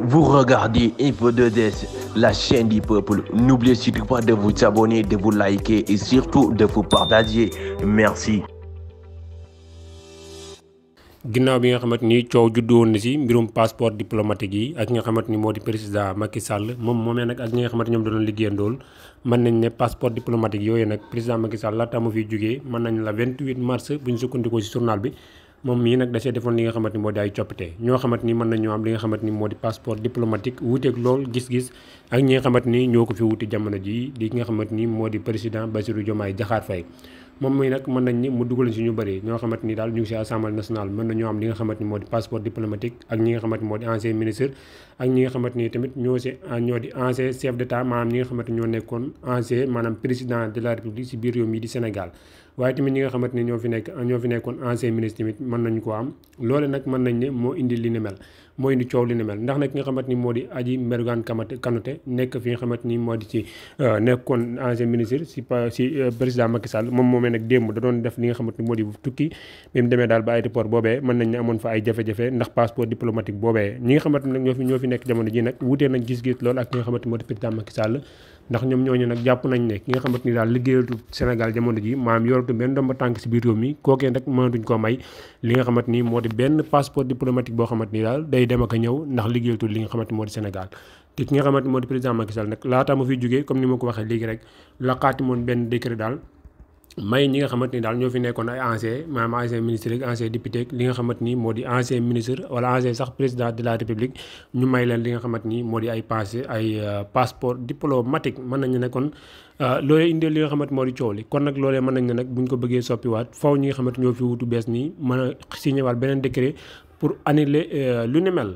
vous regardez Info 2S, la chaîne du peuple. N'oubliez surtout pas de vous abonner, de vous liker et surtout de vous partager. Merci. ginaaw bi nga xamanteni ciow coow juddu woon na mbirum passeport diplomatique yi ak nga xamanteni modi moo président Macky Sall mom momé nak ak ñi nga xamante ñoom doon liggéeyandool man nañ né passeport diplomatique yoyé nak président Macky Sall la mu fi jógee man nañ la 28 mars buñ ñu ci journal bi. moom mii nag da see defoon li nga xamante ni moo di ay coppite ñoo xamante ni mën nañoo am li nga xamante ni moo di passeport diplomatique wuuteeg lool gis-gis ak ñi nga xamante ni ñoo ko fi wuti jamono jii li nga xamante ni moo di président Bassirou Diomaye Diakhar fay moom muy nag mën nañ ni mu dugal si ñu bëri ñoo xamante ni daal ñu ngi si assemblée nationale ni moo di passeport ministre ak ñi nga xamante ni moo di Aji Mergane Kanouté nekk fi nga xamante ni moo di ci euh, nekkoon ancien ministre si euh, président Macky Sall moom moomee nag démb da doon def li nga xamante ni moo di ndax ñoom ñooñu nag jàpp nañ ne ki nga xamante ni daal liggéeyatu Sénégal jamono ji maam yoratu benn li nga xamante ni moo di benn passeport diplomatique boo xamante ni daal day dem ak ñëw ndax liggéeyatul li nga xamante moo di Sénégal ki nga xamante moo di président Macky Sall nag laataa ma fiy jógee comme ni ma ko waxee léegi rek laqaati moon benn décret daal may ñi nga xamante ni daal ñoo fi nekkoon ay ancien maanaam ancien ministre ak ancien député ak li nga xamante ni moo di ancien ministre wala ancien sax président de la république ñu may leen li nga xamante ni moo di ay passe ay euh, passeport diplomatique mën nañ ne nekkoon euh, loolee indi li nga xamante moo di coow li kon nag loole mën nañ ne nag bu ñu ko bëggee soppiwaat faw ñi nga xamante ñoo fi wutu bees nii mën a signé beneen décret pour annuler euh, lu ni mel